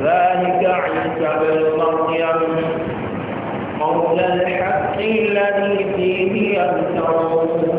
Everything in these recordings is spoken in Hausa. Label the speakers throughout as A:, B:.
A: ذلك عيسى بن مريم قول الحق الذي فيه يمترون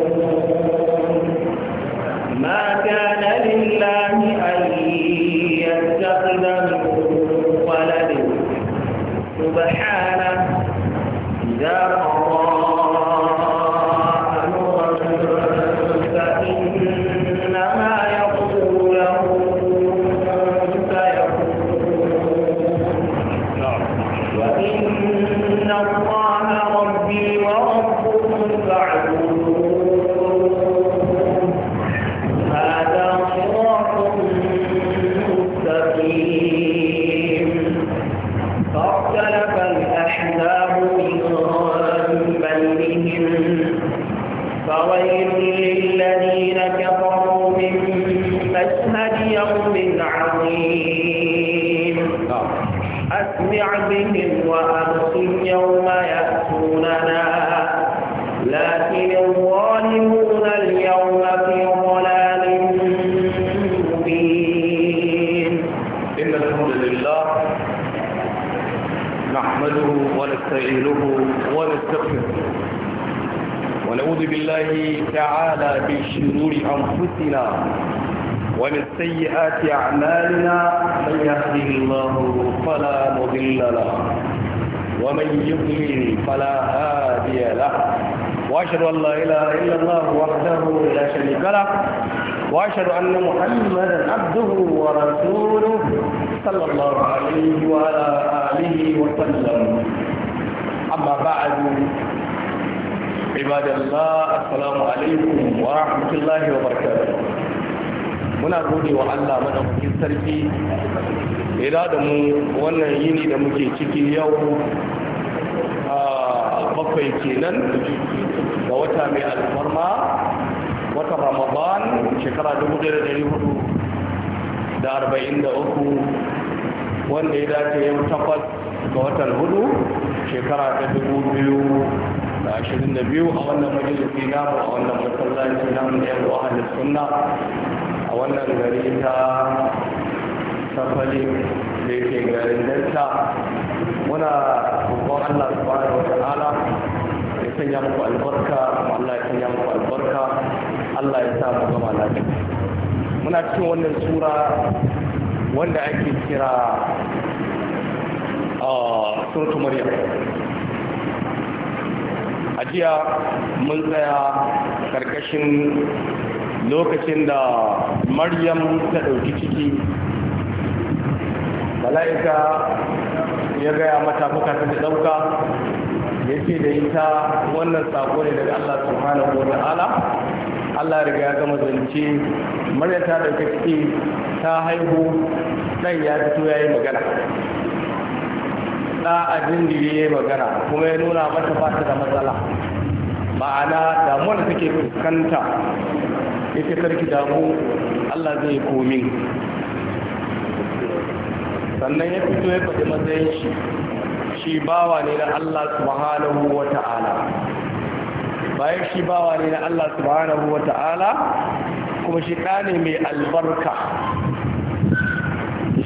B: سيئات أعمالنا من يهده الله فلا مضل له ومن يضلل فلا هادي له وأشهد أن لا إله إلا الله وحده لا شريك له وأشهد أن محمدا عبده ورسوله صلى الله عليه وعلى آله وسلم أما بعد عباد الله السلام عليكم ورحمة الله وبركاته muna gode wa Allah madaukakin sarki ila da mu wannan yini da muke ciki yau a bakwai kenan ga wata mai alfarma wata ramadan shekara 1443 wanda ya dace yau takwas ga watan hudu shekara ta 2022 a wannan majalisi namu a wannan masallaci namu da yan wahal sunna wannan gari ta safali da yake garin delta muna roƙon allah subhanahu wa ta'ala ya sanya muku albarka allah ya sanya muku albarka allah ya sa mu gama lafiya muna cikin wannan sura wanda ake kira ah, suratu maryam a jiya mun tsaya karkashin lokacin da maryam ta ɗauki ciki mala'ika ya gaya mata bukatun da ɗauka ya ce da ita wannan sako ne daga allah subhanahu wa ala. allah riga ya gama zance maryam ta ɗauki ciki ta haihu ɗan ya fito ya yi magana ɗa a jindiri ya yi magana kuma ya nuna mata ba da matsala ma'ana damuwa da take fuskanta yake karki damu Allah zai komin sannan ya fito ya faɗi matsayin shi shi bawa ne na Allah subhanahu wa ta'ala bayan shi bawa ne na Allah subhanahu wa ta'ala kuma shi ɗa ne mai albarka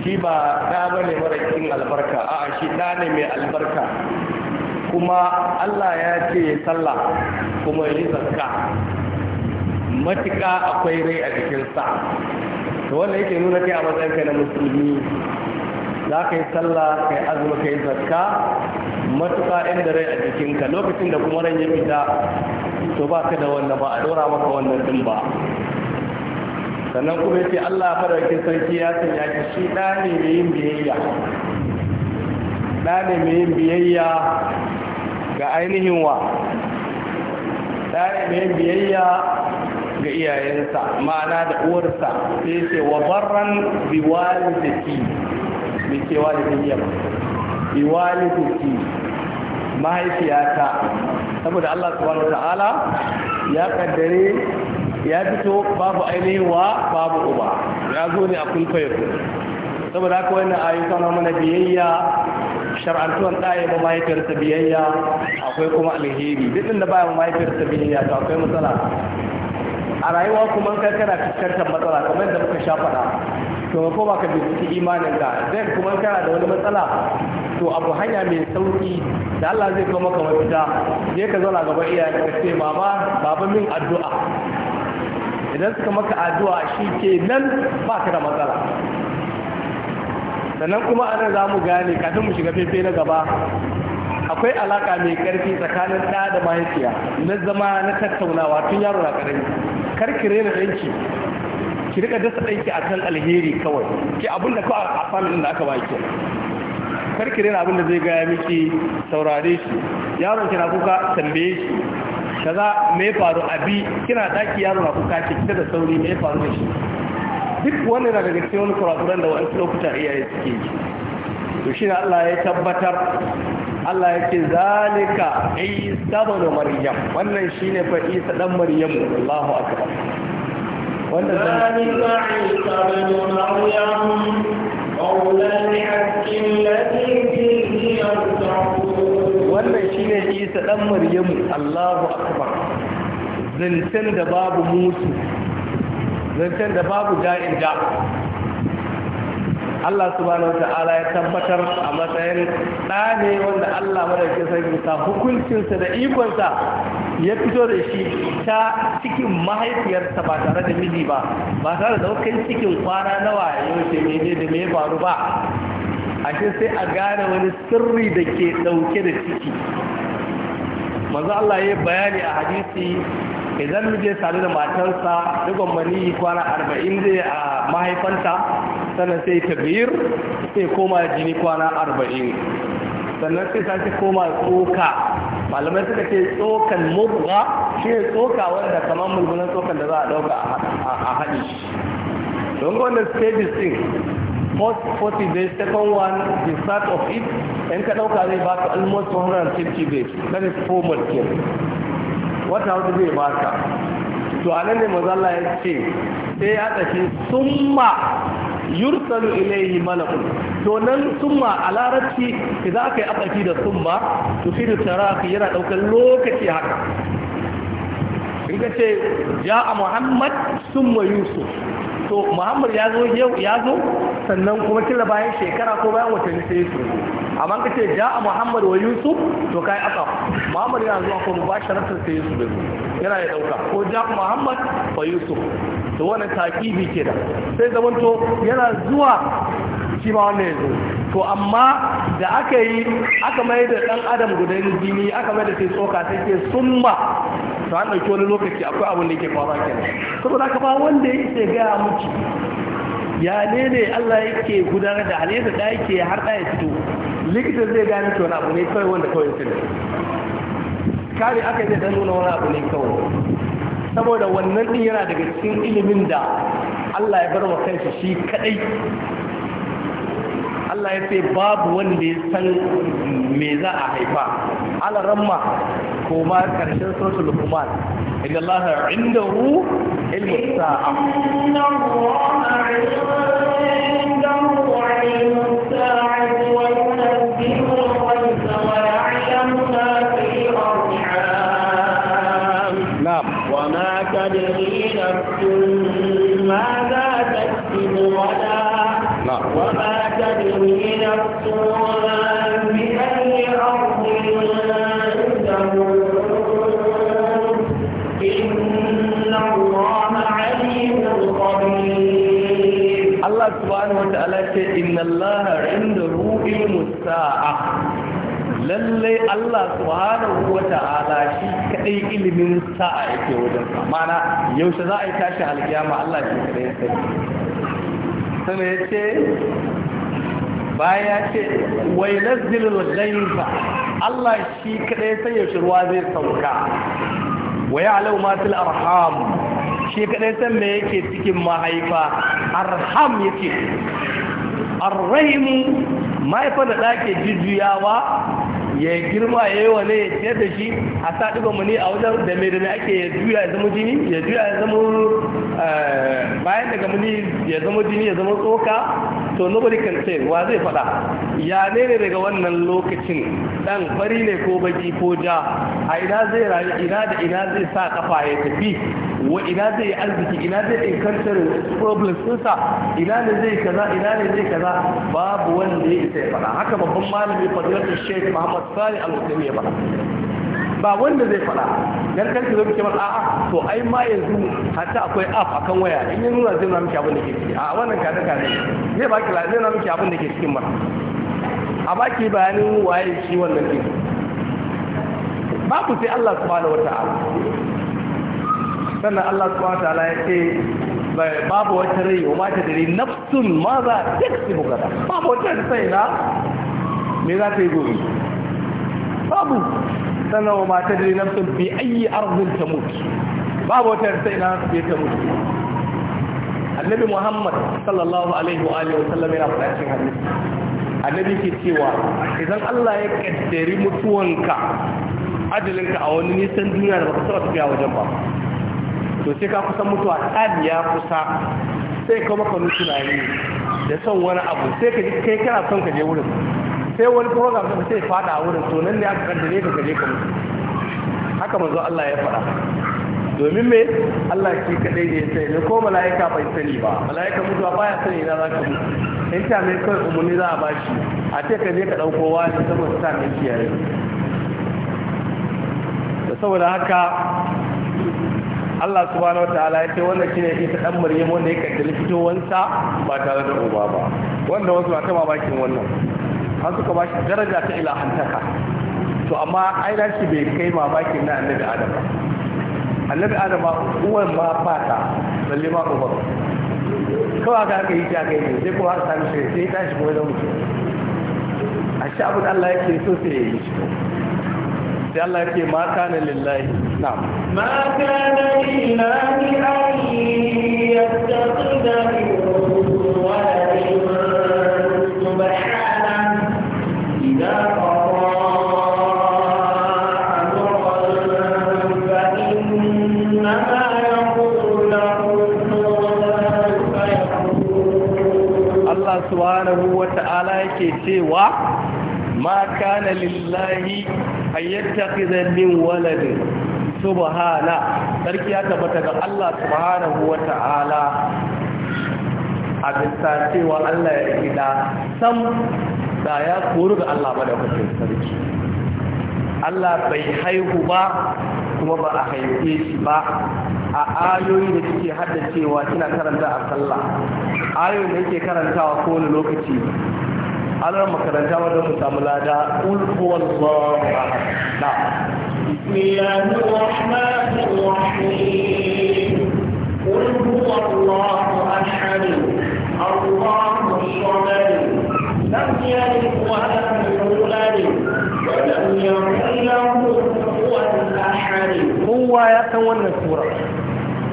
B: shi ba ɗa ba ne cikin albarka a'a shi ɗa ne mai albarka kuma Allah ya ce sallah kuma yi zakka matuƙa akwai rai a cikin sa to wanda yake nuna kai a matsayin na musulmi za ka yi sallah kai azumi ka zakka matuƙa inda rai a jikinka lokacin da kuma ran ya fita to ba ka da wannan ba a ɗora maka wannan din ba sannan kuma ya ce Allah faraukin sarki ya san ya ki shi ɗa ne mai yin biyayya ɗa ne mai yin biyayya ga ainihin wa ɗa ne mai yin biyayya ga iyayensa ma'ana da uwarsa sai ce wa barran bi walidati me walidin yamma bi mahaifiyata saboda Allah subhanahu ta'ala ya kaddare ya fito babu ainihin wa babu uba ya zo ne a kulfayar saboda haka wannan ayyuka na mana biyayya shar'antuwan ɗaya ba mahaifiyarsa biyayya akwai kuma alheri duk da ba mahaifiyarsa biyayya to akwai matsala a rayuwa kuma kai kana fuskantar matsala kamar da muka sha faɗa to ko baka binciki imanin ka zai kuma kana da wani matsala to abu hanya mai sauki da Allah zai kuma maka mafita je ka zauna gaban iyaye ka ce baba baba min addu'a idan suka maka addu'a shi ke nan ba ka da matsala sannan kuma anan za mu gane kafin mu shiga fefe na gaba akwai alaka mai karfi tsakanin ɗa da mahaifiya na zama na tattaunawa tun yaro na ƙarami karki rena danki, ki rika dasa a akan alheri kawai ki abin da kawai a famin da aka baki karki rena abin da zai gaya miki saurare shi yaron kina kuka tambaye shi kaza me faru abi kina daki yaron na kuka ki fita da sauri me faru da shi duk na daga cikin wani kurakuran da wani lokuta iyaye suke yi to shi Allah ya tabbatar Allah ya yake zalika isa bano maryam wannan shi ne fa isa dan maryam Allahu akbar wannan zalika
A: isa bano maryam qawlan hakkin ladhi fihi wannan shi ne isa dan maryam Allahu akbar
B: zancen da babu musu zancen da babu da'in Allah subhanahu ta'ala ya tabbatar a matsayin ɗa ne wanda Allah madaukakin sarki ta hukuncinsa da ikonsa ya fito da shi ta cikin mahaifiyarsa ba tare da miji ba ba tare da daukan cikin kwana nawa yau ce mene da me faru ba ashe sai a gane wani sirri da ke ɗauke da ciki manzo Allah ya bayani a hadisi idan muje sadu da matarsa dukkan mani kwana arba'in zai a mahaifanta sannan sai tabir sai koma jini kwana arba'in sannan sai sake koma tsoka malamai suka ce tsokan mugwa, shi ne tsoka wanda kamar mulmulan tsokan da za a ɗauka a haɗi don ga wannan stages din post 40 days second one the start of it in ka ɗauka zai ba ka almost 150 days that is four months ke wata hudu zai ka to a nan ne mazalla ya ce sai ya ɗafi summa yursalu ilayhi malakun to nan summa a larabci idan aka yi afaki da summa to fi da tarafi yana daukar lokaci haka in ka ce ja'a muhammad summa yusuf to muhammad ya zo yau ya zo sannan kuma kila bayan shekara ko bayan watanni sai su amma ka ce ja'a muhammad wa yusuf to kai aka muhammad yana zuwa ko mubasharatar sai yusuf da yana ya dauka ko ja'a muhammad wa yusuf to wannan ke da sai zamanto yana zuwa shi ma wannan yazo to amma da aka yi aka mai da dan adam yin jini aka mai da sai tsoka take summa to an dauki wani lokaci akwai abin da yake faruwa kenan saboda ka ba wanda yake ga miki ya ne ne Allah yake gudanar da halayyar da yake har da ya fito likita zai gane to wani abu ne kawai wanda kawai da kare aka da dan nuna wani abu ne kawai saboda wannan din yana daga cikin ilimin da Allah ya bar wa kansa shi kadai Allah ya ce babu wanda ya san me za a haifa ala ko koma karshen suratul luqman
A: inna allaha indahu ilmu sa'a inna allaha
B: inna Allah indahu ilmus sa'a lallai Allah subhanahu wa ta'ala shi kadai ilimin sa'a yake wajen sa mana yaushe za a yi tashi alkiyama Allah shi kadai ya sani sana ya ce baya ce wai nazzilul ghaiba Allah shi kadai sai yaushe ruwa zai sauka wai ya'lamu ma fil arham shi kadai san me yake cikin mahaifa arham yake arrahimu mahaifar da ɗake jujjuyawa ya girma ya yi wane ya ciyar da shi a sa ɗiga mani a wajen da mai da ake ya juya ya zama jini ya juya ya zama eh, bayan daga mani ya zama jini ya zama tsoka to nobody can say wa zai faɗa ya ne ne daga wannan lokacin ɗan fari ne ko baki ko ja a ina zai rayu ina da ina zai sa kafa ya tafi wa ina zai yi arziki ina zai inkantar sun sa ina ne zai kaza ina ne zai kaza babu wanda ya isa ya haka babban malami fadilatul sheikh muhammad sani al-usaimi ya faɗa ba wanda zai faɗa dan kanki zo kike a'a to ai ma yanzu hatta akwai app akan waya in ya nuna zai nuna miki abin da ke ciki a wannan daga ne zai baki la zai nuna miki abin da ke cikin ma a baki bayanin waye shi wannan din babu sai Allah subhanahu wata'ala sannan Allah subhanahu wa ta'ala ya ce babu wata rai wa mata dare nafsun ma za ta ci bugada babu wata sai na me za ta yi gobe babu sannan wa mata dare nafsun bi ayi arzin ta mutu babu wata sai na bi ta mutu annabi muhammad sallallahu alaihi wa alihi wa sallam yana faɗa cikin hadisi annabi ke cewa idan Allah ya kaddari mutuwanka ajalinka a wani nisan duniya da ba ka taɓa tafiya wajen ba to sai ka kusan mutuwa ɗan ya kusa sai ka maka tunani da son wani abu sai ka kai kana son ka je wurin sai wani program da sai fada a wurin to nan ne aka kaddare ka ka je ka mutu haka manzo Allah ya faɗa domin me Allah shi kadai ne sai ne ko mala'ika bai sani ba mala'ika mutuwa baya sani ina za ka mutu in ta mai kai umarni za a bashi a ce ka je ka ɗauko wani saboda ta mai kiyaye da saboda haka Allah subhanahu wataala ya ce wannan shine isa dan Maryam wanda ya kaddara fitowansa ba tare da uba ba wanda wasu ta bakin wannan an suka ba shi daraja ta ilahantaka to amma ai da shi bai kai bakin na annabi Adam annabi Adam uwan ma fata balle ma uba kawai ga aka yi ta kai ne sai kuma aka sami shi sai tashi kuma da mutum a sha abin Allah yake so sai ya yi shi sai Allah ya ce ma kana lillahi na'am ma kana lillahi an yattakhidha
A: min waladin subhanahu idza
B: subhanahu wa ta'ala yake cewa ma kana lillahi ayyattakhidha min waladi subhana sarki ya tabbata ga Allah subhanahu wa ta'ala a bisa cewa Allah ya kida sam da ya koru ga Allah ba da sarki Allah bai haihu ba kuma ba a haife shi ba a ayoyi da suke haddacewa kina karanta a sallah ayoyi da yake karantawa kowane lokaci ana makaranta wadda mu samu lada kul
A: huwallahu ahad na bismillahir rahmanir rahim kul huwallahu ahad allahus samad lam yalid wa lam yulad wa lam yakul lahu kufuwan ahad kowa ya san wannan
B: sura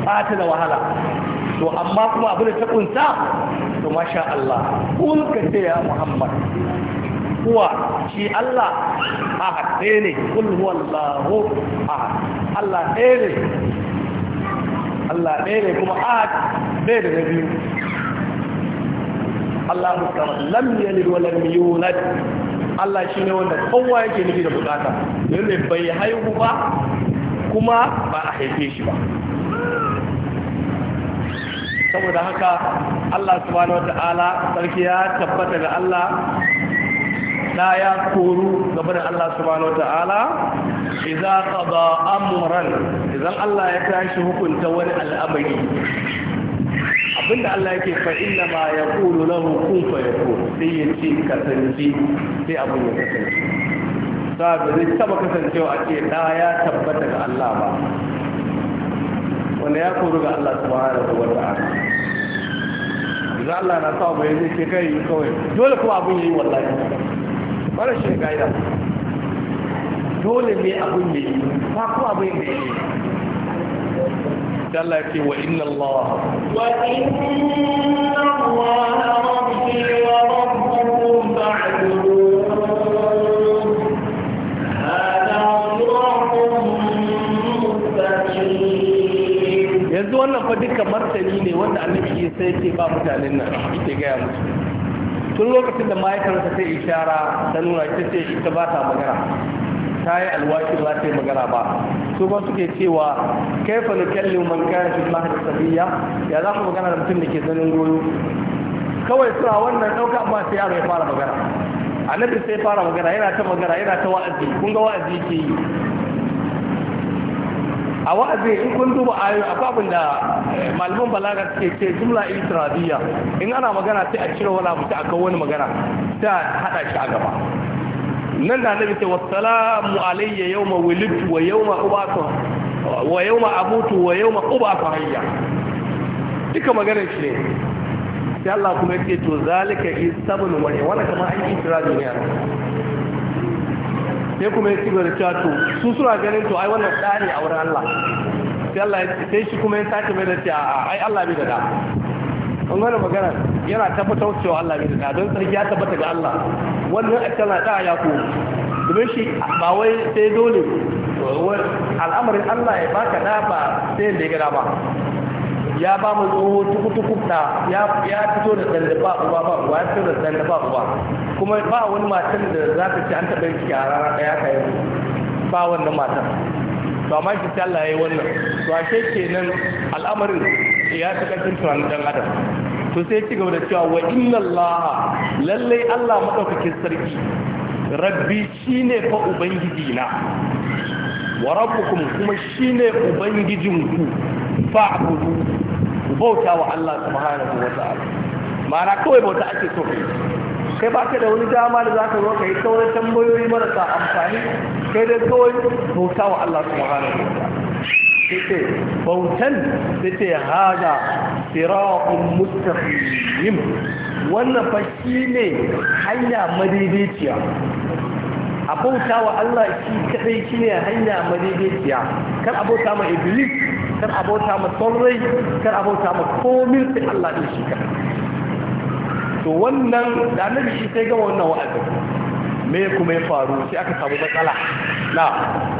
B: ba ta da wahala to amma kuma abin da ta kunta to masha Allah kun ka ce ya Muhammad kuwa shi Allah a haɗe ne kul huwallahu a Allah ɗaya ne Allah ɗaya ne kuma ahad ɗaya da biyu Allah mutum lam yalid wa na yulad Allah shi ne wanda kowa yake nufi da bukata yadda bai haihu ba kuma ba a haife shi ba saboda haka Allah subhanahu wata'ala sarki ya tabbata ga Allah da ya koru gaba da Allah subhanahu wata'ala idza qada amran idan Allah ya tashi hukunta wani al'amari abinda Allah yake fa inna ma yaqulu lahu kun fayakun sai ya ce kasance sai abin ya kasance saboda zai taba kasancewa a ce da ya tabbata ga Allah ba wanda ya koru ga Allah subhanahu wa ta'ala idan Allah na sa bai zai ce kai kawai dole kuma abun yi wallahi bare shi ga ida
A: dole ne abun yayi fa ko abun yayi Allah ya ce wa inna Allah wa inna Allah
B: kuma duka martani ne wanda annabi sai ce ba mutanen nan yake gaya musu tun lokacin da mahaifarsa ta ishara ta nuna ita ce ita ba ta magana ta yi alwashi ba ta yi magana ba su ba suke cewa kai fa nukallu man shi ma mahdi sabiya ya za ku magana da mutum da ke zanen goyo kawai suna wannan ɗauka ba sai yaro ya fara magana annabi sai fara magana yana ta magana yana ta wa'azi kun ga wa'azi ke yi a wa'azi in kun duba ayoyi akwai abin da malaman balaga ke ce jumla intiradiyya in ana magana sai a cire wani abu sai a kawo wani magana sai a hada shi a gaba nan da nabi ta wassalamu alayya yawma wulidtu wa yawma ubatu wa yawma abutu wa yawma ubatu hayya duka maganar shi ne sai Allah kuma yake to zalika isabun wa wala kama an intiradiyya ne sai kuma ya ci cewa to su suna ganin to ai wannan tsari a wurin Allah sai Allah sai shi kuma ya sake mai da ce a ai Allah bai da da an gane magana yana tabbatar cewa Allah bai da da don sarki ya tabbata ga Allah wannan a tana da ya ko domin shi ba wai sai dole al'amarin Allah ya baka da ba sai da ya gada ba ya ba mu tsoho tukutuku na ya fito da sanda ba uba ba uba ya fito da sanda ba uba kuma ba wani matan da za ta ci an taɓa yi a rana ɗaya ka ba wannan matan ba ma shi ta Allah ya yi wannan to kenan al'amarin ya ta ƙarfin ɗan adam to sai ci gaba da cewa wa inna Allah lallai Allah madaukakin sarki rabbi shine fa ubangiji na wa rabbukum kuma shine ubangijinku fa'budu bauta wa Allah subhanahu wa ta'ala ma'ana kawai bauta ake so kai ba ka da wani dama da za ka zo ka yi wani tambayoyi marasa amfani kai da kawai bauta wa Allah su wahala sai ce bautan sai ce haza sirakun mustaqim wannan fa shi ne hanya madidiciya a bauta wa Allah shi kadai shi ne hanya madidiciya kar a ma iblis kan abota ma tsarrai kar a ma komil sai Allah ne shi kadai to wannan da annabi shi sai ga wannan wa'azi me kuma ya faru sai aka samu matsala na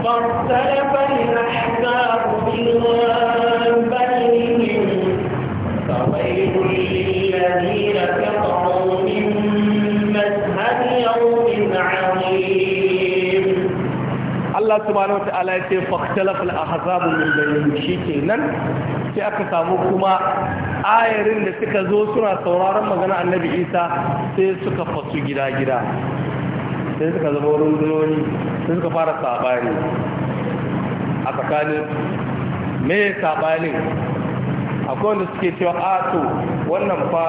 A: fantalafan ahzabu min
B: Allah subhanahu ta'ala ya ce fakhtalaf al-ahzab min bainihim shikenan sai aka samu kuma ayarin da suka zo suna sauraron magana Annabi Isa sai suka fasu gida-gida sai suka zama rundunoni sai suka fara sabani a tsakanin me sabanin akwai wanda suke cewa a to wannan fa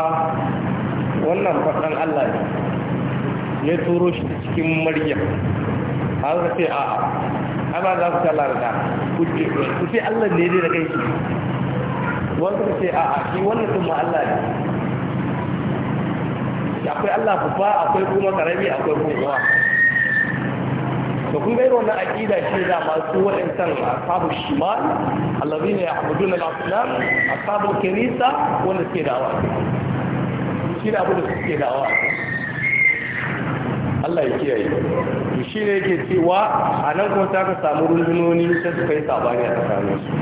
B: wannan fa dan Allah ne ya turo shi cikin maryam har sai a'a amma za ku ce Allah da ku sai Allah ne dai da kai shi wani suka ce a shi wannan sun ma Allah ne akwai Allah babba akwai kuma karami akwai kuma uwa da kun gaira wannan aƙida shi da masu waɗansan asabu shimal allazi ne abudun al-aslam asabu kirisa wanda suke dawa shi da abu da suke dawa Allah ya kiyaye to shi ne yake cewa a nan kuma ta ka samu rundunoni ta suka yi sabani a tsakanin su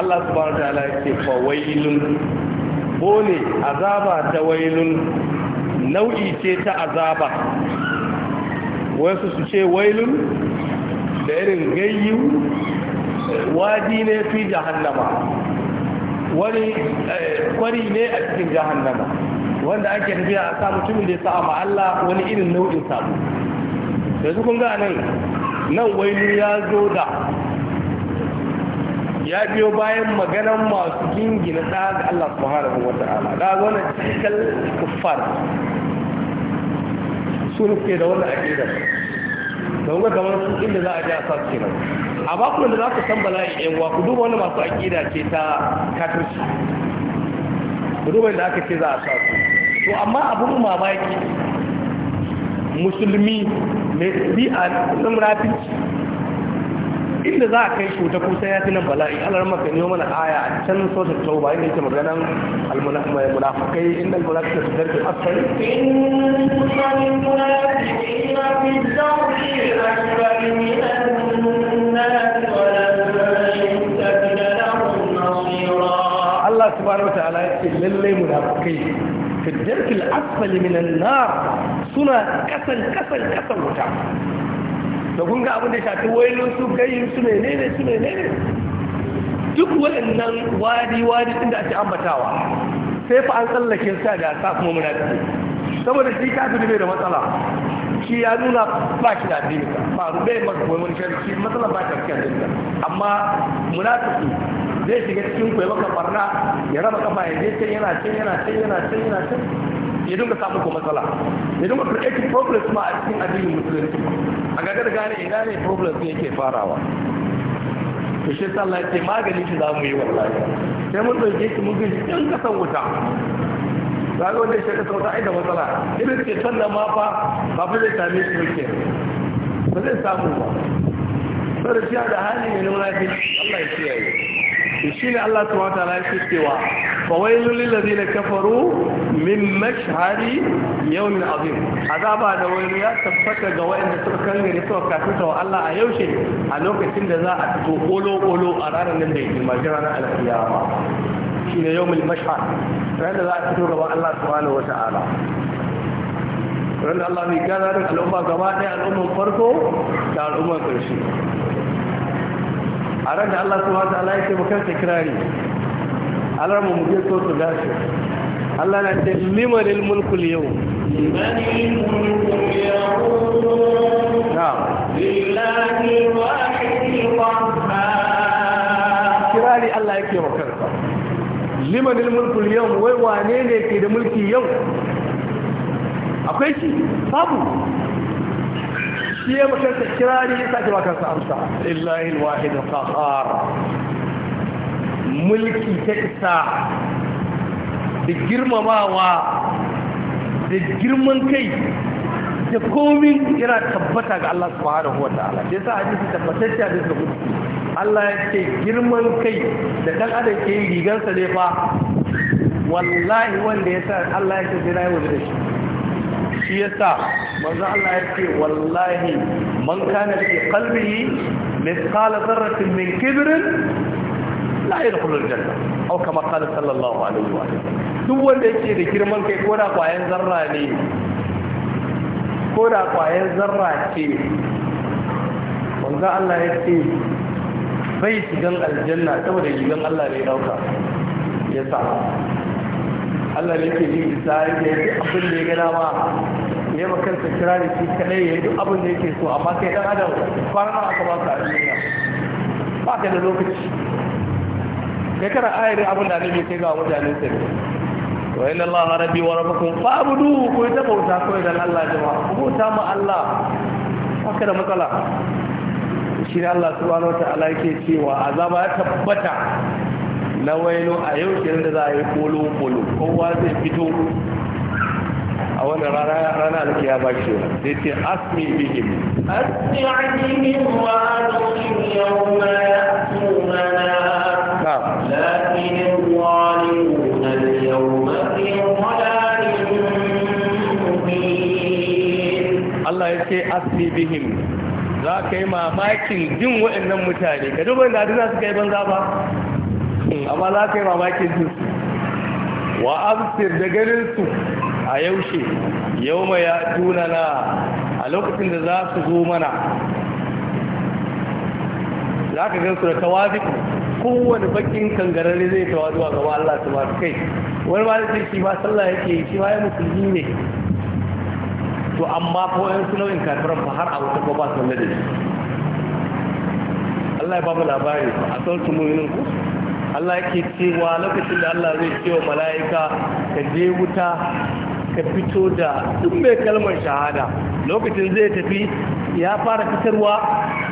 B: Allah subhanahu ta'ala ya ce fa wailun bone azaba ta wailun nau'i ce ta azaba wasu su ce wailun da irin gayyu wadi ne fi jahannama wani eh, kwari ne a cikin jahannama wanda ake tafiya a sa mutumin da ya sa'a ma Allah wani irin nau'in sabu yanzu kun ga nan nan wailu ya zo da ya biyo bayan maganan masu gingina ɗa ga Allah subhanahu wa ta'ala da zo na cikin kuffar su nufke da wannan aƙida don wani kamar su inda za a ji a sa suke nan a bakun da za ku san bala'i yan wa ku duba wani masu aƙida ce ta kafirci ku duba da aka ce za a sa su to amma abun mamaki musulmi mai ɗabi'a na murafinci inda za a kai shi wuta kusa ya fi nan bala'i alar maka ne mana aya a can sotar tauba inda yake maganan almunafukai inda almunafukai su
A: zarfi asali
B: Allah subhanahu wa ta'ala ya ce lallai munafukai fi darki al-asfali min an-nar suna kasan kasan kasan wuta da kun ga abin da shafi wailun su gayin su ne ne su ne ne duk waɗannan wadi-wadi inda ake ambatawa sai fa an tsallake sa da sa kuma muna ciki saboda shi kafin bai da matsala shi ya nuna ba shi da addini ba rubai maka kuma wani shari'a shi matsala ba ta cikin addini amma muna munafiki zai shiga cikin kwaye maka barna ya raba kafa ya je can yana can yana can yana can yana can ya dinga samu ko matsala ya dinga create problems ma a cikin addinin musulunci a ga gane ina ne problems ne yake farawa to shi sa Allah ya ce magani shi zamu yi wallahi sai mun zoje shi mun gani in kasan wuta zaka wanda shi kasan wuta ai da matsala idan ke sannan ma fa ba fa zai same shi yake ba zai samu ba sai da hali ne na munafiki Allah ya kiyaye shi ne Allah subhanahu wataala ya ce cewa fawailul lil ladina kafaru min mashhadi yawmin azim azaba da wani ya tabbata ga wa'inda suka kangare suka kafuta wa Allah a yaushe a lokacin da za a fito kolo kolo a ranar nan da yake majira na ne yau yawmul mashar? ranar da za a fito gaban Allah subhanahu wataala ranar Allah mai da al'umma gaba ɗaya al'umman farko da al'umman ƙarshe a ran da Allah subhanahu wataala yake mu kansa kirari Allah mu je so su dace Allah na ce limanil mulku yau limanil mulku yau na'am
A: lillahi wahidil qahhar kirari
B: Allah yake mu kansa limanil mulku yau wai wane ne ke da mulki yau akwai shi babu shi ya makarta kirari ya sake baka su amsa lillahi alwahid alqahar mulki ta isa da girmamawa da girman kai da komin yana tabbata ga Allah subhanahu wata'ala sai sa hadisi tabbatacce hadisi da kudu Allah ya ce girman kai da dan adam ke yi rigansa ne fa wallahi wanda ya sa Allah ya ce jira yau da shi shi yasa manzo Allah ya ce wallahi man kana fi qalbihi mithqala dharratin min kibrin la yadkhulu al-janna aw kama qala sallallahu alaihi wa sallam duk wanda yake da girman kai ko da kwayan zarra ne ko da kwayan zarra ce manzo Allah ya ce bai shigan aljanna saboda shigan Allah ne dauka yasa Allah ne yake jin isa yake yi abin da ya gana ma ya ma kansa kira da shi kadai ya yi duk abin da yake so amma kai dan adam fara nawa aka ba ka a duniya ba ka da lokaci kai kana ayar abin da annabi kai ga mutanen sa wa inna allaha rabbi wa rabbukum fa'budu ku ta bauta ko idan Allah jama'a ku bauta ma Allah haka da matsala shi ne Allah subhanahu wa ta'ala yake cewa azaba ya tabbata na waino a yau kenan da za a yi kolo kolo kowa zai fito a wani rana da ya ba shi sai ce asmi bihim asmi
A: bihim ya
B: Allah asmi bihim za ka yi mamakin jin waɗannan mutane ka duba da adina suka yi banza ba amma za ka yi mamakin su wa amsir da ganin su a yaushe yau mai ya tuna na a lokacin da za su zo mana za ka gan su da tawaziku kowane bakin kangarare zai tawazuwa a gaba Allah su ba kai wani ba ce shi ba sallah yake shi ba ya musulmi ne to amma ko yan su nau'in kafiran fa har a wata ba ba su da shi Allah ya ba mu labari a sautin mu'minin ku Allah yake cewa lokacin da Allah zai ce wa mala'ika ka je wuta ka fito da duk mai kalmar shahada lokacin zai tafi ya fara fitarwa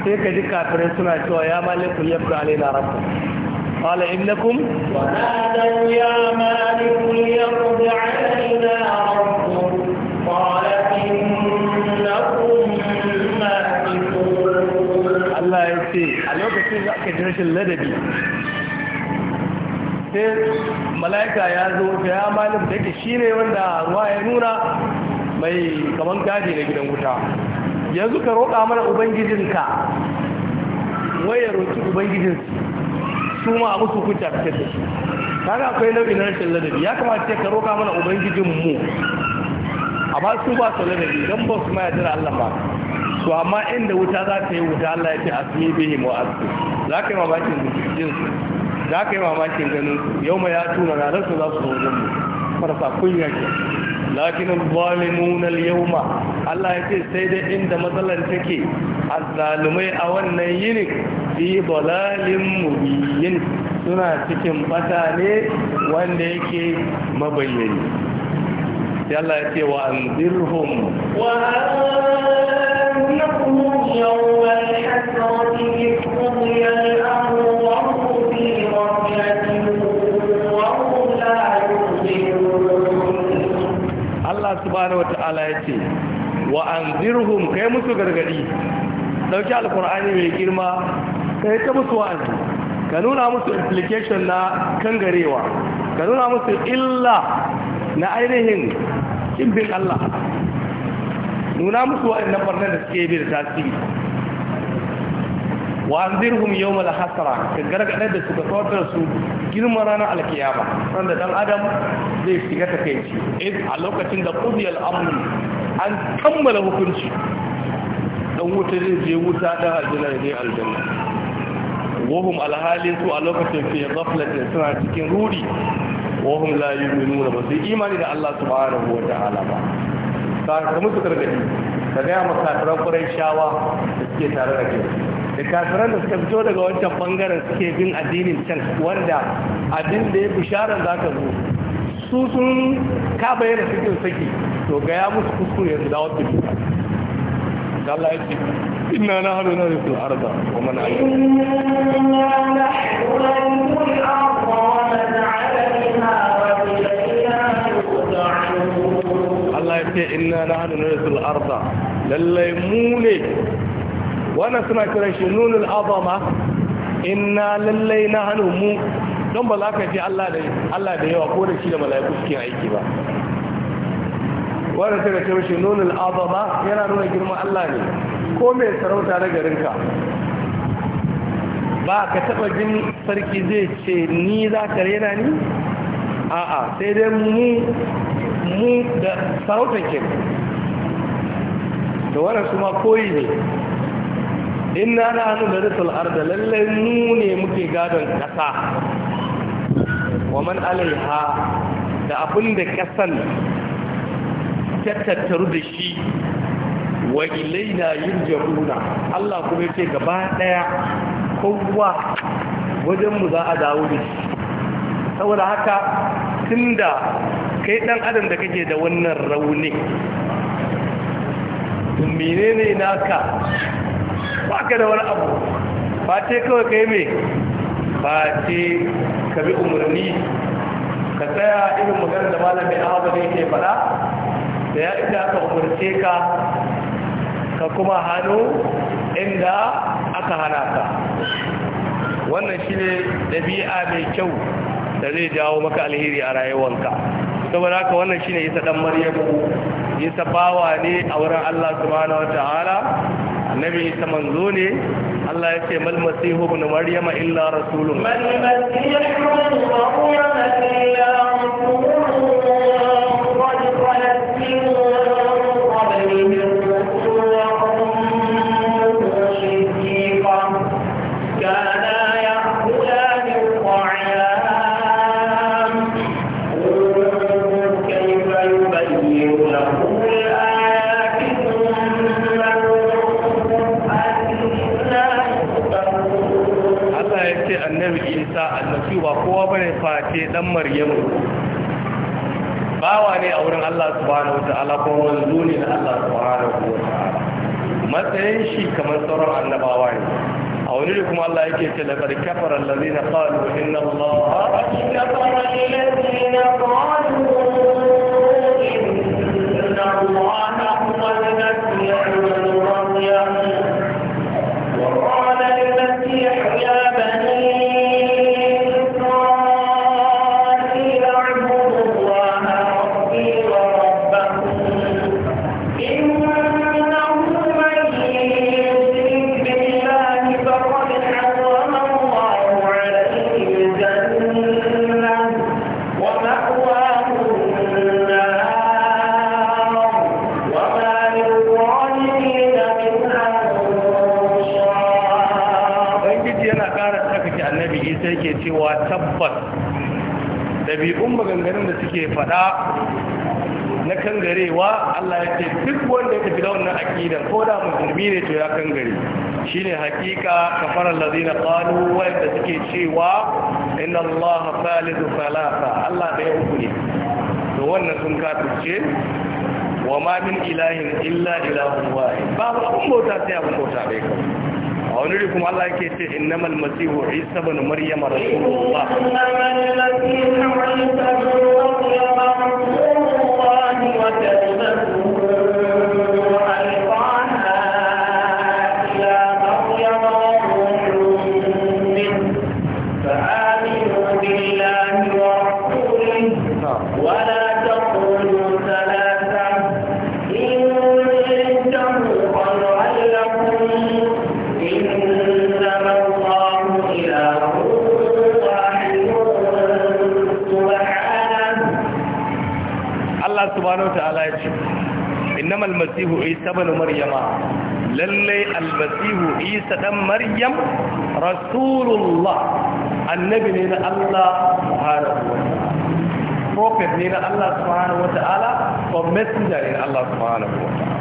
B: sai ka ji kafirin suna cewa ya malikul yabda alaina rabbuka قال
A: إنكم ونادوا يا مالك ليقض علينا ربك قال إنكم
B: ماكثون الله يسير الوقت في ذاك جرش اللدبي sai mala'ika ya zo ta ya malam da yake shi ne wanda ruwa ya nuna mai kaman gadi na gidan wuta yanzu ka roƙa mana ubangijinka wai ya roƙi ubangijin su ma a musu kuta fitar da shi kaga akwai nau'i na rashin ladabi ya kamata ka roƙa mana ubangijin mu amma su ba su ladabi don ba su ma jira Allah ba to amma inda wuta za ta yi wuta Allah ya ce asmi bihim wa asmi za ka yi mamakin jinsu za ka yi mamakin ganin yau ma ya tuna na rasu za su zo wajen mu farfa kunya ke lakin zalimunan yau ma Allah ya ce sai dai inda matsalar take zalimai a wannan yini fi mu mubin suna cikin bata ne wanda yake mabayyani sai Allah ya ce wa
A: anzirhum wa anzirhum yawmal hasrati idh qudiya al-amru
B: subhanahu wata'ala ya ce wa anzirhum kai musu gargadi dauki alqur'ani mai girma kai ta musu wa'azi ka nuna musu implication na kangarewa ka nuna musu illa na ainihin kimbin Allah nuna musu wa'in na farnar da suke bir tasiri wa anzirhum yawmal hasra ka gargaɗar da su ka tsawatar su girma ranar alkiyama wanda dan adam zai shiga takaici a lokacin da kudiyar amri an kammala hukunci don wuta zai je wuta dan aljanna zai aljanna wahum alhalin su a lokacin fi ghaflatin suna cikin ruri wahum la nuna ba su imani da Allah subhanahu wa ta'ala ba ka musu gargadi ka ga maka tarakkurai shawa da suke tare da kai da kafiran da suka fito daga wancan bangaren suke bin addinin can wanda abin da ya bishara za ka zo su sun kaba yana cikin saki to ga ya musu kuskure su dawo su fita da Allah ya ce inna na haɗu na rikul arda wa mana ayi Allah ya ce inna na narisul arda lallai mu ne wannan suna kiran shi nunul azama inna lallai na hannu mu don ba za ka ji Allah da yawa ko da shi da mala'iku suke aiki ba wannan suna kiran shi nunul azama yana nuna girman Allah ne ko mai sarauta na garinka ba ka taba jin sarki zai ce ni za ka rena ni a'a sai dai mu mu da sarautar ke da wannan su ma koyi ne inna na hannu da rasul arda lallai mu ne muke gadon ƙasa wa man alaiha da abin da kasan ta tattaru da shi wa ilaina yurja'una Allah kuma yace gaba daya kowa wajen mu za a dawo da shi saboda haka tunda kai dan adam da kake da wannan rauni menene naka ba ka da wani abu ba ce kawai ka yi mai ba ce ka bi umarni ka tsaya irin magana da a ahmad da yake faɗa da ya ita aka umarce ka ka kuma hannu inda aka hana ka wannan shi ne ɗabi'a mai kyau da zai jawo maka alheri a rayuwanka saboda haka wannan shi shine isa dan maryamu isa bawa ne a wurin Allah subhanahu wataala نبي تمنزوني الله يسي ما المسيح ابن مريم إلا رسول ما المسيح
A: ابن مريم إلا رسول
B: ce dan maryamu bawa ne a wurin Allah subhanahu wa ta'ala ko wanzu ne na Allah subhanahu wa ta'ala matsayin shi kamar sauran annabawa ne a wani da kuma Allah yake ce laqad kafara allazina qalu inna allaha kafara
A: allazina qalu inna allaha huwa al-masih
B: faɗa na kangarewa Allah ya ce duk wanda ya tafi da wannan aqidan ko da musulmi ne to ya kangare shine hakika kafarar lazina qalu wanda suke cewa inna Allah salisu salasa Allah da ya uku ne to wannan sun kafirce wa ma min ilahin illa ilahun wahid babu ku bauta sai abin bauta bai kawai a wani rikun Allah ke ce innamal masihu isa bin maryama rasulullah
A: innamal masihu isa bin maryama rasulullah
B: almasihu isa bin maryama lallai almasihu isa dan maryam rasulullah annabi ne na Allah subhanahu wa ta'ala prophet ne na Allah subhanahu wa ta'ala or messenger ne na Allah subhanahu wa ta'ala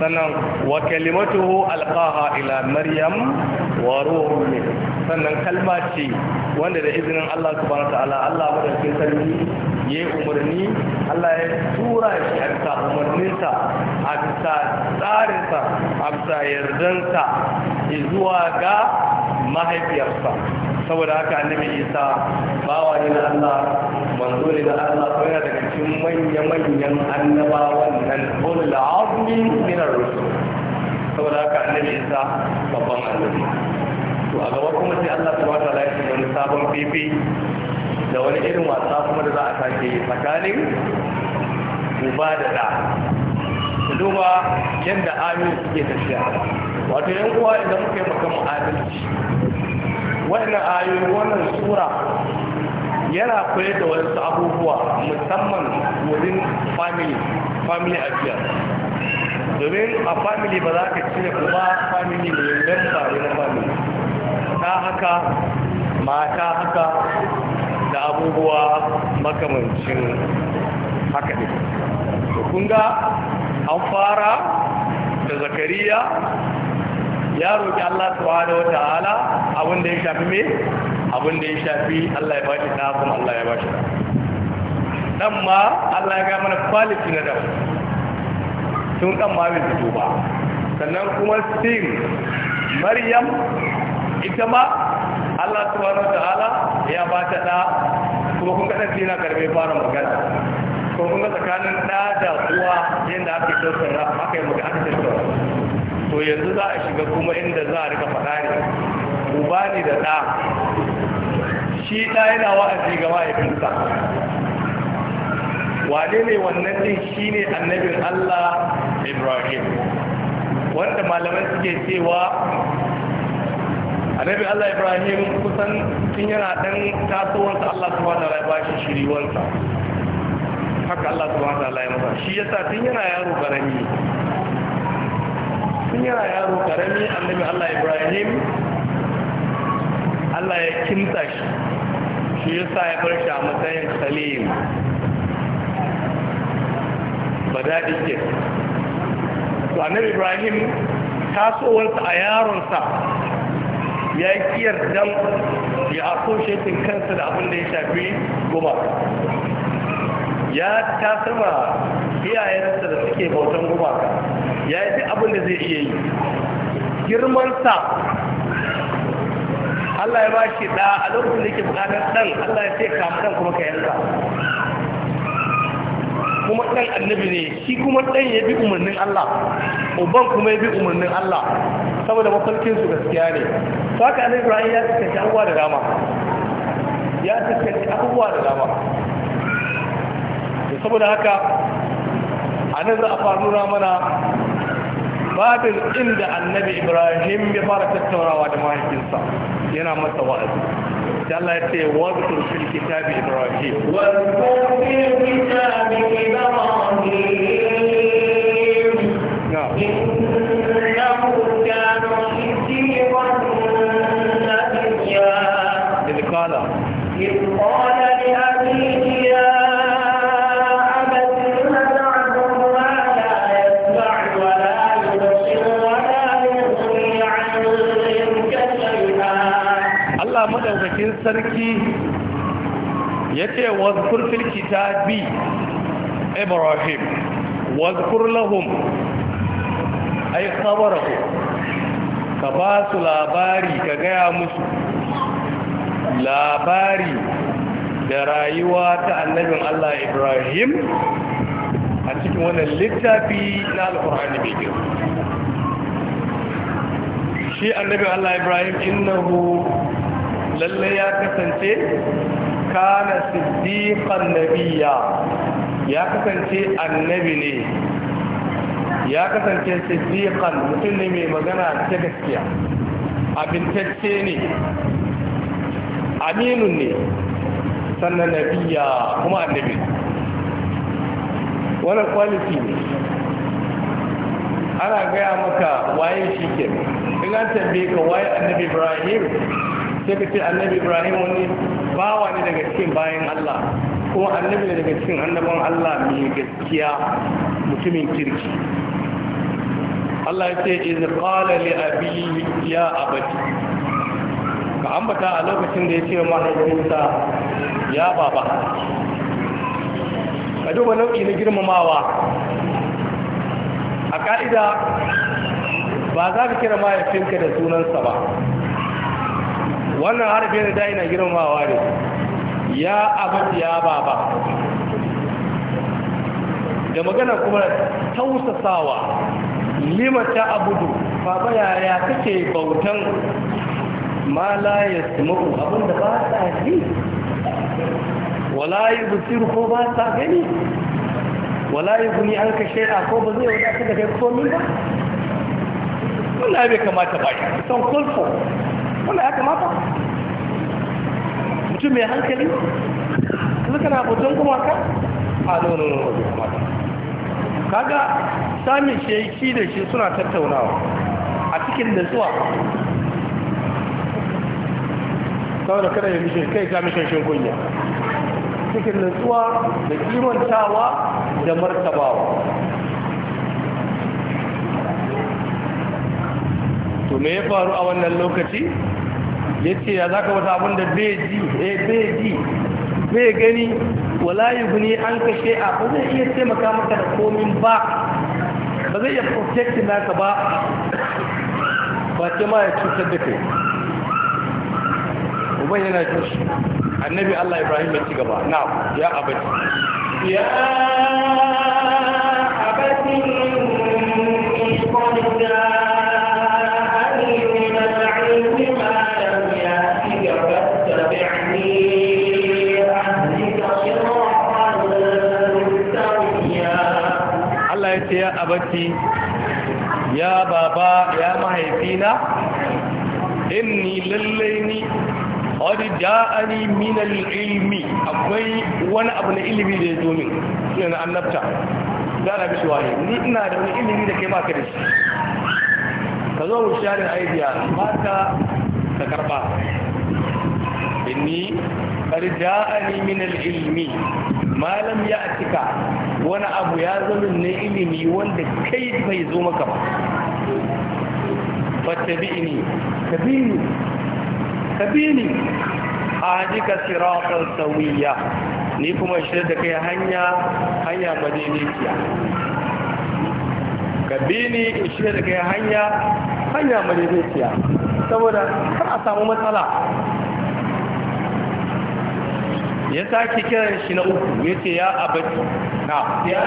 B: sannan wa kalimatuhu alqaha ila maryam wa ruhun min sannan kalma ce wanda da izinin Allah subhanahu wa ta'ala Allah madaukakin sarki ya yi umarni Allah ya tura shi a bisa umarninsa a bisa tsarinsa a bisa yardansa zuwa ga mahaifiyarsa saboda haka annabi isa bawa ne na Allah manzo ne na Allah ko yana daga cikin manya-manyan annabawan nan ulul azmi min ar-rusul saboda haka annabi isa babban annabi to a gaba kuma sai Allah subhanahu wa ta'ala ya ce wani sabon fifi da wani irin wasa kuma da za a sake tsakanin uba da ɗa duba yadda ayoyi suke tafiya wato yan uwa idan muka yi makamu adalci wannan ayoyi wannan sura yana koyar da wasu abubuwa musamman wurin family family affair domin a family ba za ka cire uba family ne don yana na family ta haka mata haka da abubuwa makamancin haka ne kun ga an fara da zakariya ya roƙi Allah subhanahu wa ta'ala abin da ya shafi me abin da ya shafi Allah ya bashi da kuma Allah ya bashi dan ma Allah ya ga mana quality na da tun dan ma bai fito ba sannan kuma sin Maryam ita ma Allah subhanahu ta'ala ya ba ta da kuma kun ɗan yana karbe fara magana ko kun tsakanin da da uwa yadda ake ra aka yi magana aka tattauna to yanzu za a shiga kuma inda za a rika faɗa ne uba ne da ɗa shi ɗa yana wa'azi ga mahaifinsa wane ne wannan ɗin shi ne annabin Allah Ibrahim wanda malaman suke cewa annabi Allah Ibrahim kusan tun yana dan tasowarsa Allah su wata ta'ala ya bashi shiriwansa haka Allah su wata ta'ala ya masa shi yasa tun yana yaro karami tun yana yaro karami annabi Allah Ibrahim Allah ya kinta shi shi yasa ya bar shi a matsayin khalil ba daɗi ke to annabi Ibrahim tasowarsa a yaronsa ya kiyar dam ya shekin kansa da abin da ya shafi goma. ya tasama iyayensa da suke bautan goma. ya yi abin da zai iya yi girmansa Allah ya ba shi ɗa a lokacin da ke bukatar ɗan Allah ya ce kama ɗan kuma ka yanka kuma ɗan annabi ne shi kuma ɗan ya bi umarnin Allah uban kuma ya bi umarnin Allah saboda mafarkinsu gaskiya ne haka ne ibrahim ya tsakanci abubuwa da dama ya tsakanci abubuwa da dama da saboda haka a nan za a faru nuna mana babin inda annabi ibrahim ya fara tattaunawa da mahaifinsa yana masa wa'azi da Allah ya ce wa zuwa turfil kitabi ibrahim wa turfil
A: kitabi ibrahim
B: Allah madaukakin sarki yace wazkur ta bi Ibrahim wazkur lahum ay khabarahu ka ba su labari ka gaya musu labari da rayuwa ta annabin Allah Ibrahim a cikin wannan littafi na alkur'ani mai shi annabin Allah Ibrahim innahu lalle ya kasance kana siddiqan nabiyya ya kasance annabi ne ya kasance siddiqan mutum ne mai magana ta gaskiya abintacce ne aminun ne sannan nabiya kuma annabi wannan kwaliti ne ana gaya maka waye shi ke in an tambaye ka waye annabi ibrahim sai ka ce annabi ibrahim wani bawa ne daga cikin bayan allah kuma annabi ne daga cikin annaban allah mai gaskiya mutumin kirki Allah ya ce iz qala li abi ya abati ka ambata a lokacin da ya ce mahaifinsa ya baba ka duba nau'i na girmamawa a ka'ida ba za ka kira mahaifinka da sunansa ba wannan harafin da daina girmawa ne ya abin ya baba da magana kuma tausasawa lima ta abudu baba yaya kake bautan ma la abin abinda ba ta ji wala yubsiru ko ba ta gani wala an anka a ko ba zai wada ka da kai komai ba wannan bai kamata ba san kulfu wannan ya kamata mutum mai hankali
A: kuma kana hoton kuma ka
B: a nuna wajen bai kamata kaga samun shi da shi suna tattaunawa a cikin da zuwa da kada ya mishin kai ga mishin shi kunya cikin nutsuwa da kimantawa da martabawa to me ya faru a wannan lokaci ya ce ya za wata abin da bai ji eh, bai gani wala ne an kashe a ba zai iya taimaka maka da komin ba ba zai iya protecting naka ba ba ce ma ya cutar da kai ubai yana ce shi annabi Allah Ibrahim ya ci gaba na ya abaci ya ya baba ya mahaifina inni lallai ni ja'ani minal ilmi akwai wani abu na ilimi da ya zo min suna na annabta za waye ni ina da wani ilimi da kai baka da shi ka zo mu sharin aidiya mata ta karba inni qad ja'ani minal ilmi malam ya cika wani abu ya zama na ilimi wanda kai bai zo maka ba fattabi'ni kabini kabini ahdika siratan sawiya ni kuma shirya da kai hanya hanya madaidaiciya kabini shirya da kai hanya hanya madaidaiciya saboda kar a samu matsala ya sake kiran shi na uku ya ce ya abati na ya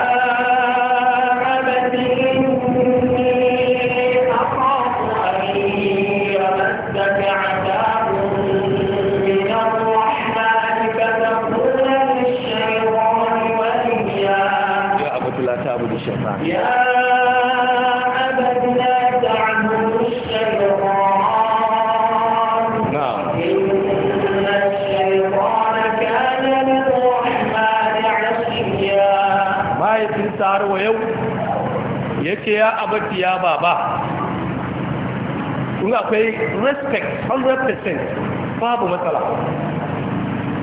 B: ce ya abati ya baba kuma akwai respect 100% babu matsala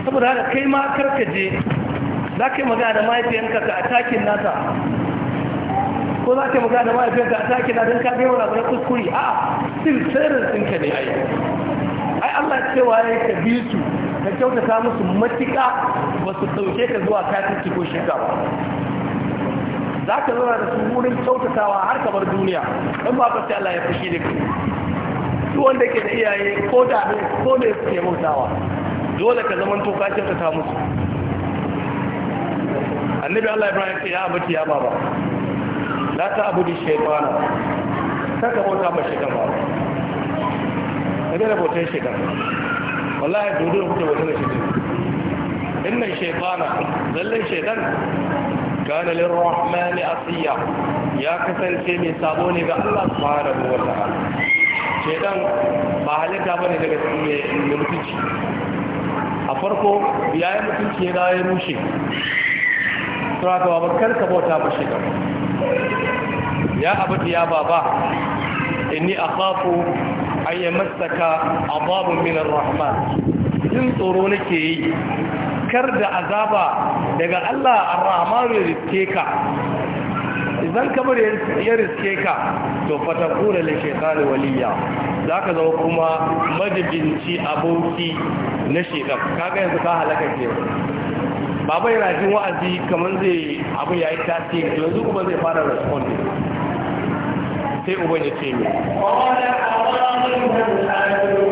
B: saboda haka kai ma karkaje za ka yi magana da mahaifiyanka ka a takin nata ko za ka yi magana da mahaifiyanka a takin nata ka bai wani abu kuskuri kuskure a sin sirrin ɗinka ne a yi ai Allah cewa ya ka bi su ka kyautata musu matuƙa ba su ɗauke ka zuwa kafin ko shiga ba za ka zauna da su wurin kyautatawa har kamar duniya don ba ka sai Allah ya fushi da ku. Su wanda ke da iyaye ko da ko da ke mutawa dole ka zama toka kyautata musu annabi Allah Ibrahim ce ya abuci ya baba la ta abudu shaytana saka bauta ma shaytan ba ne da bautar shaytan wallahi dole ku da bautar shaytan inna shaytana zallan shaytan kana Rahman asiya ya kasance mai sabo ne ga Allah subhanahu wa ta'ala dan ba halitta bane daga cikin mutunci a farko ya yi mutunci ya dawo mushi, rushe suna ga babakar ka bauta ba shi ya abu ya baba inni akhafu an yamassaka adabun min arrahman in tsoro nake yi riskar da azaba daga Allah a ya riske ka idan kamar ya riske ka to fatakura la waliyya, waliya ka zama kuma majibinci aboki na shekaru kaga yanzu ka halaka ke baba yana jin wa'azi kamar zai abu ya yi to yanzu kuma zai fara responde sai uban ya ce
A: mai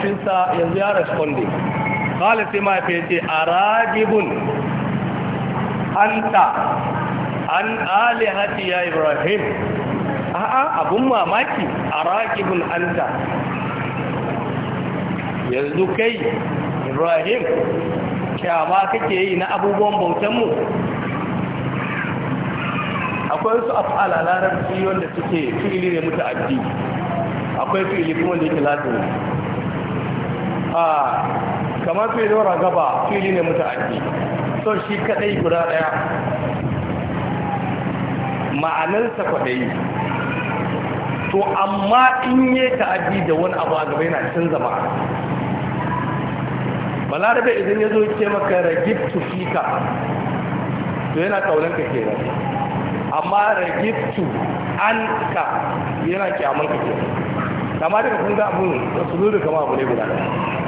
B: mahaifinsa yanzu ya responde kala sai mahaifin ya ce a ragibun hanta an alihati ya ibrahim a'a abun mamaki a ragibun hanta yanzu kai ibrahim kyama kake yi na abubuwan bautanmu akwai wasu af'al a larabci da suke fili ne mutu addini akwai fili kuma da yake latin a kamar dora gaba fili ne mutane so shi kadai guda daya ma'anarsa kwadayi to amma in yi ta'addi da wani abu a gaba yana cin zama, balarabe idan ya zo ke maka ragib tufika to yana ke kenan amma ragib tu an ka yana kyamanka kenan kama daga kun ga abin da su zo da kama abu ne guda daya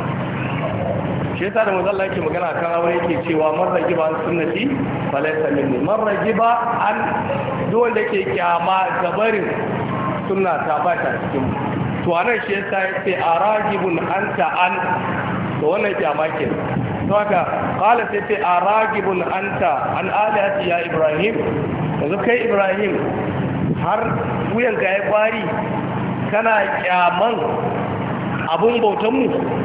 B: shi yasa da mazalla yake magana kan aure yake cewa man ragiba an sunnati falaita minni man ragiba an duk da ke kyama gabarin sunna ta ba ta cikin to anan shi yasa yace aragibun anta an to wannan kyama ke to haka qala sai ce aragibun anta an alihati ya ibrahim yanzu kai ibrahim har wuyan ga ya kwari kana kyaman abun bautan mu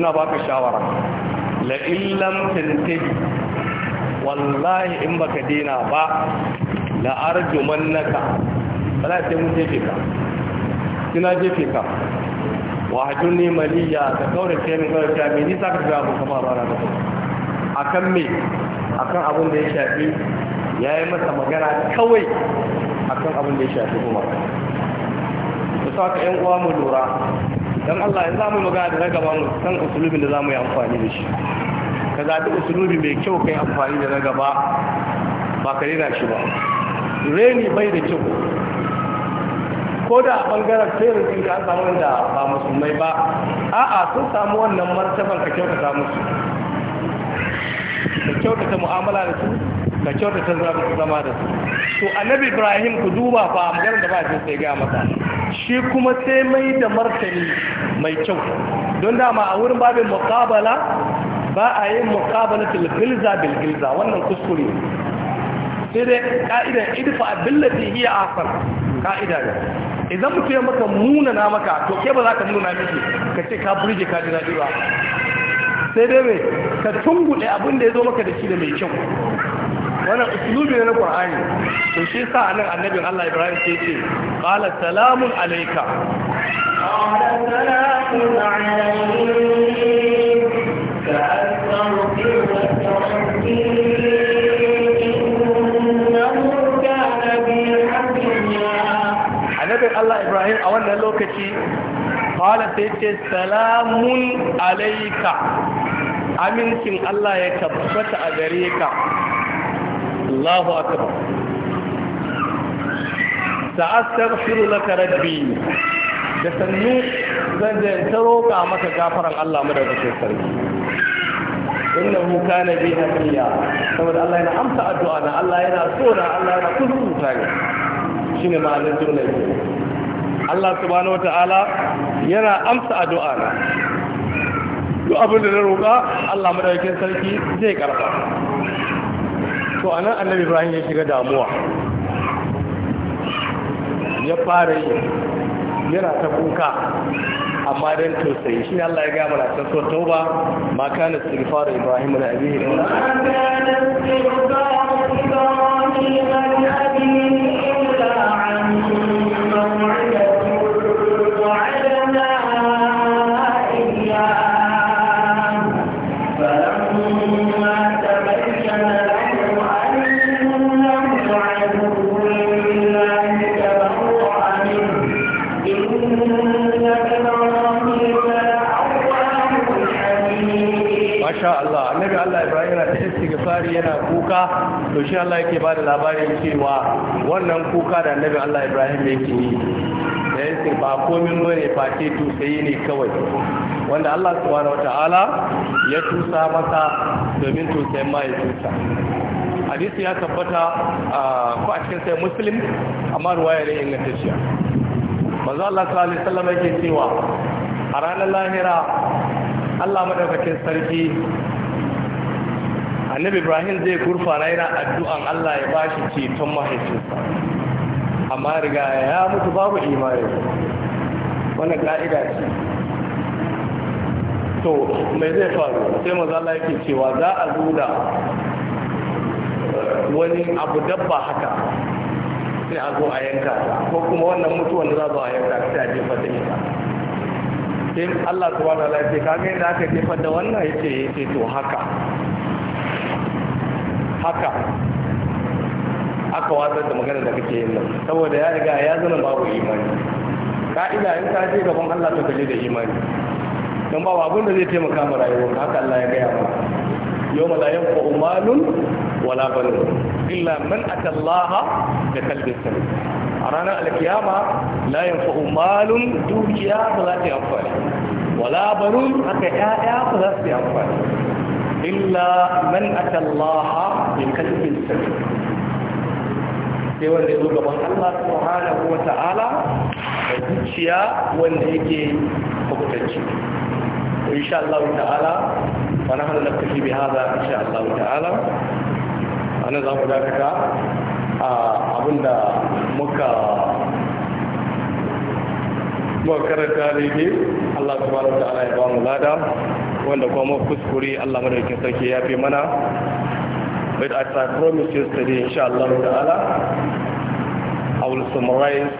B: ba ka shawara la illam tantahi wallahi in baka dina ba la arjumannaka bala sai mun jefe ka kina jefe ka wa hajjuni maliya ka kaura ce min kaura ta mini sa ka ga mu kuma ba da akan me akan abun da ya shafi yayi masa magana kawai akan abun da ya shafi kuma sa ka yan uwa mu lura don Allah ya zamu magana da gaba mu san usulubin da zamu yi amfani da shi ka zaɓi usulubi mai kyau kai amfani da na gaba ba ka rena shi ba reni bai da kyau ko da a ɓangaren ferin ɗin ka samu wanda ba musulmai ba a'a sun samu wannan martaban ka kyau ka samu su, ka kyau ta mu'amala da su ka kyau ta zama da su to annabi ibrahim ku duba fa maganar da ba shi sai gaya masa shi kuma sai mai da martani mai kyau don dama a wurin babin muqabala ba a yin til gilza bil gilza wannan kuskure sai dai ka'idar idfa billati hiya asan ka'ida ne idan mutum ya maka muna na maka to ke ba za ka nuna miki ka ce ka burge ka ji daɗi ba sai dai mai ka tunguɗe abin da ya zo maka da shi da mai kyau wannan usulubi ne na qur'ani to shi yasa anan annabin Allah Ibrahim sai ce qala salamun alayka
A: qala salamun alayka ka astaghfiruka
B: annabin Allah Ibrahim a wannan lokaci kwana sai ce salamun alaika amincin Allah ya tabbata a gare ka Allahu akbar sa'astaghfiru laka rabbi da sannu zan je ta roƙa maka gafaran Allah mu daga shekar innahu kana bi hakiya saboda Allah duk abin da na roƙa Allah sarki zai karɓa to a nan annabi ibrahim ya shiga damuwa ya fara yi yana ta kuka amma don tausayi shi ne allah ya gama na can so tauba ma kana istighfar ibrahim na abihi ma kana
A: istighfar na
B: to shi Allah yake ba da labarin cewa wannan kuka da annabi Allah Ibrahim yake yi da yake ba komin bane face sai ne kawai wanda Allah subhanahu wataala ya tusa masa domin to ma ya tusa hadisi ya tabbata ko a cikin sai muslim amma ruwaya ne shi. manzo Allah sallallahu alaihi wasallam yake cewa a ranar lahira Allah madaukakin sarki annabi ibrahim zai kurfana yana addu'an allah ya bashi ceton mahaifinsa amma riga ya mutu babu imani wannan ka'ida ce to mai zai faru sai maza allah yake cewa za a zo da wani abu dabba haka sai a zo a yanka ko kuma wannan mutuwan da za zo a yanka sai a jefa da ita sai Allah subhanahu wa ta'ala ya ce kaga yadda aka jefa da wannan yace yace to haka haka aka watsar da magana da kake yin nan saboda ya riga ya zama babu imani ka'ida in ka je gaban Allah to kalli da imani don babu abin da zai taimaka ma rayuwar haka Allah ya gaya ma yau ma la yanfa umalun wala banun illa man atallaha da kalbin salim a ranar alkiyama la yanfa umalun dukiya ba za ta yi amfani wala banun haka ƴaƴa ba za su yi amfani illa man atallaha bi kalbin sai wanda ya zo gaban Allah subhanahu wa ta'ala da zuciya wanda yake kubutacce إن شاء الله ta'ala. Wani za بهذا إن a abinda muka أنا ذا ذلك أبونا مكة مكة تاريخي الله سبحانه وتعالى mu lada. wanda kuma kuskure Allah madaukakin sarki ya fi mana but as I promised yesterday inshallah ta'ala I will summarize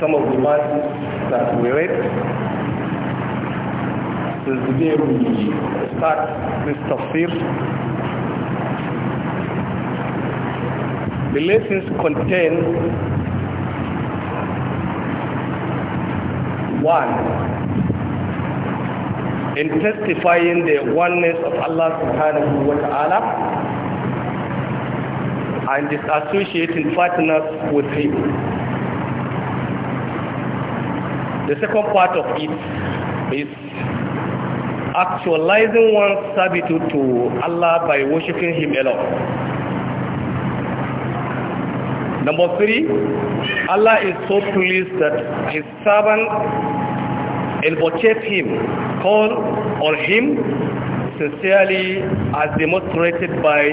B: some of the verses that we read since the we start this tafsir the lessons contain one in testifying the oneness of Allah subhanahu wa ta'ala and is associating partners with him. The second part of it is actualizing one's servitude to Allah by worshiping him alone. Number three, Allah is so pleased that his servant and purchase him, call on him sincerely as demonstrated by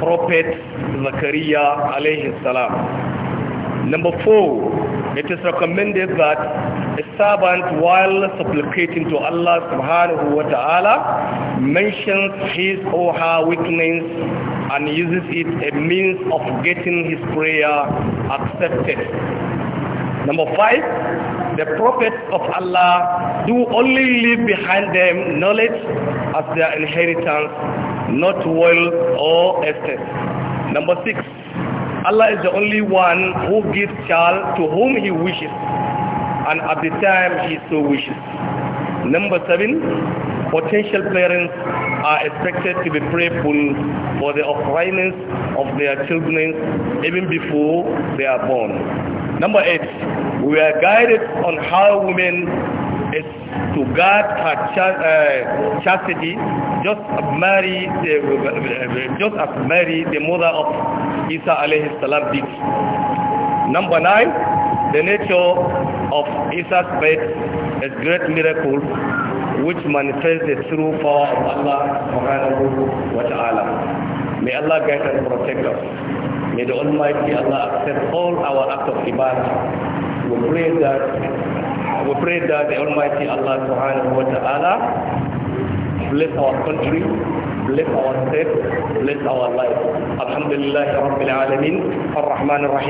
B: Prophet Zakaria alayhi salam. Number four, it is recommended that a servant while supplicating to Allah subhanahu wa ta'ala mentions his or her weakness and uses it a means of getting his prayer accepted. Number five, the prophets of Allah do only leave behind them knowledge as their inheritance, not wealth or estate. Number six, Allah is the only one who gives child to whom he wishes and at the time he so wishes. Number seven, potential parents are expected to be prayerful for the uprightness of their children even before they are born. Number eight, we are guided on how women is to guard her uh, chastity just marry uh, just as Mary the mother of Isa alayhi salam did number nine the nature of Isa's faith is great miracle which manifests the true power of Allah subhanahu wa ta'ala may Allah guide and protect us May the Almighty Allah accept all our acts of ibadah. We pray that we pray that the Almighty Allah subhanahu wa ta'ala bless our country, bless our state, bless our life. Alhamdulillah Rabbil Alameen, Ar-Rahman Ar-Rahim.